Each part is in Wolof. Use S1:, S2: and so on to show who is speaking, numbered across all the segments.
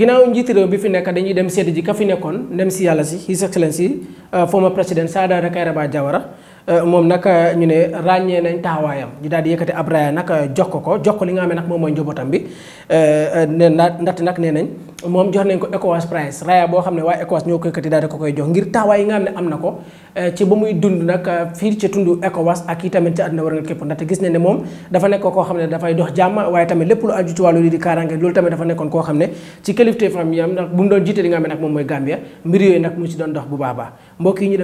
S1: ginnaaw njiiti réew bi fi nekk dañuy dem seeti ji ka fi nekkoon ndem si yàlla si His Excellency uh, former président Saadaara Kairaba Jawara uh, moom nag uh, ñu ne ràññee nañ taxawaayam ñu daal di yëkkati ab raaya nag jox ko ko jox ko li nga xam ne nag moom mooy njabootam bi nee na ndaxte nag nee nañ. moom jox nañ ko ECOWAS Prize raaya boo xam ne waa ECOWAS ñoo koy kati daal di ko koy jox ngir taxawaay yi nga xam ne am na ko eh, ci ba muy dund nag eh, fii ci tund ECOWAS ak yi tamit ci àdduna war nga moom dafa nekk koo xam ne dafay dox jàmm waaye tamit lépp lu aju ci wàllu lii di kaaraange loolu tamit dafa ne ci kilifte fam yam ndax bu mu doon jiite li nga xam ci doon dox bu baax baax mbokk yi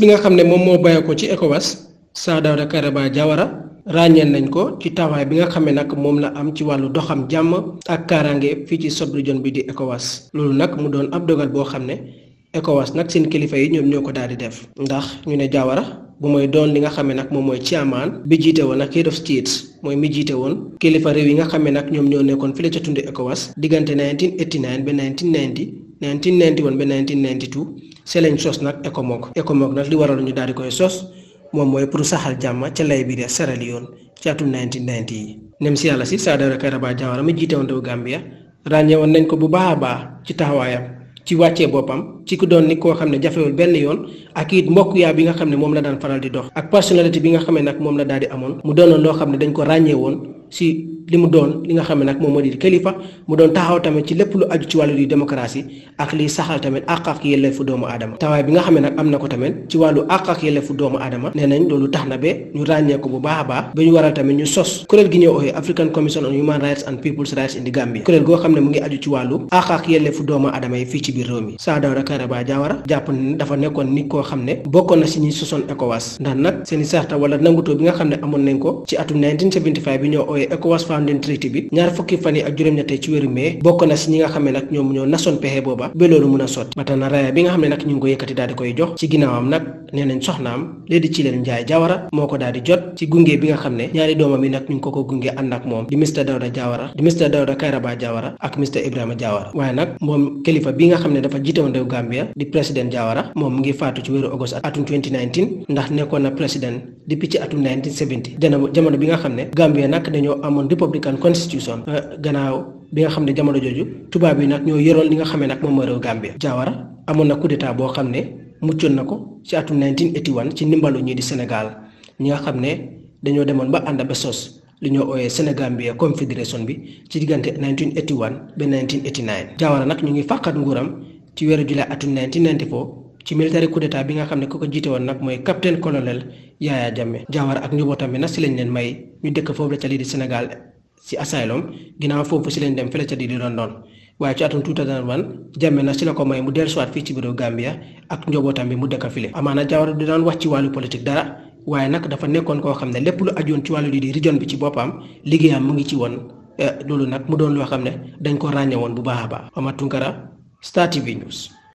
S1: bi nga xam ne moom moo bàyyi ko ci ECOWAS Sir Jawara ràññeel nañ ko ci taawaay bi nga xamee nag moom la am ci wàllu doxam jàmm ak kaaraange fii ci sous-région bi di ECOWAS loolu nag mu doon ab dogal boo xam ne ECOWAS nag seen kilifa yi ñoom ñoo ko daal di def ndax ñu ne Jawara bu mooy doon li nga xamee nag moom mooy ci amaan bi jiite woon ak head of state mooy mi jiite woon kilifa réew yi nga xam ne nag ñoom ñoo nekkoon fi fële ca tund ECOWAS diggante 1989 ba 1990 1991 ba 1992 see lañ sos nag ECOMOG ECOMOG nag li waral ñu daal di koy sos. moom mooy pour saxal jàmm ca Liberia Sierra Leone ci atum 1990 yi. nem si yàlla si Sadara Karaba Jawara mi jiite woon réew Gambia woon nañ ko bu baax a baax ci taxawaayam ci wàccee boppam ci ku doon ni koo xam ne jafewul benn yoon ak it mbokk yaa bi nga xam ne moom la daan faral di dox. ak personnalité bi nga xam nag moom la daal di amoon mu doonoon loo xam ne dañ ko ràññee woon si li mu doon li nga xam ne nag moom moo di kilifa mu doon taxaw tamit ci lépp lu aju ci wàllu di démocratie ak liy saxal tamit àq ak yelleefu doomu aadama tawaay bi nga xam ne nag am na ko tamit ci wàllu àq ak yelleefu doomu aadama nee nañ loolu tax na ba ñu ràññee bu baax a baax ba ñu waral tamit ñu sos kuréel gi ñuy ooxee African Commission on Human Rights and People's Rights in the Gambia goo xam ne mu ngi aju ci wàllu àq ak yelleefu doomu aadama yi fii ci biir réew mi Sir Dawda Kairaba Jawara jàpp dafa nekkoon nit loolee ECOWAS Founding Treaty bi ñaar fukki fan yi ak juróom-ñette ci wéru mai bokk na si ñi nga xam ne nag ñoom ñoo nasoon pexe booba ba loolu mun a sotti mata na raaya bi nga xam ne nag ñu ngi ko koy jox ci ginnaawam nag nee nañ soxnaam leen njaay jawara moo ko daal di jot ci gunge bi nga xam ne ñaari doomam yi nag ñu ngi ko ko gunge ànd ak moom di Mr Dawda Jawara di Mr Dawda Kairaba Jawara ak Mr Ibrahima Jawara waaye nag moom kilifa bi nga xam ne dafa jiite woon réew Gambia di président Jawara moom ngi faatu ci wéru agost atum 2019 ndax nekkoon na président depuis ci atu atum 1970 dana jamono bi nga xam ne Gambia nag dañoo amoon républican constitution euh, gannaaw bi nga xam ne jamono jooju tubaab yi nag ñoo yoroon li nga xam ne nag moom mooy réew Gambia Jawara amoon na coup boo xam ne muccoon na ko ci atu atum 1981 ci ndimbalu ñii di Sénégal ñi nga xam ne dañoo demoon ba ànd ba sos li ñoo ooyee Sénégambia confédération bi ci diggante 1981 ba 1989 Jawara nag ñu ngi fàqat nguuram ci weeru julaay atum 1994 ci military coup d'état bi nga xam ne ku ko jiite woon nag mooy capitaine colonel Yaya Jammeh Jawara ak njabootam bi nag si lañ leen may ñu dëkk foofu la ca lii di Sénégal si asylum ginnaaw foofu si lañ dem fële ca lii di London waaye ci atum 2001 Jammeh nag si la ko may mu dellusiwaat fii ci biiru Gambia ak njabootam bi mu dëkk file amaana Jawara di daan wax ci wàllu politique dara waaye nag dafa nekkoon koo xam ne lépp lu ajoon ci wàllu lii di région bi ci boppam liggéeyam mu ngi ci woon eh, loolu nag mu doon loo xam ne dañ ko ràññe woon bu baax a baax Omar Tunkara Star TV News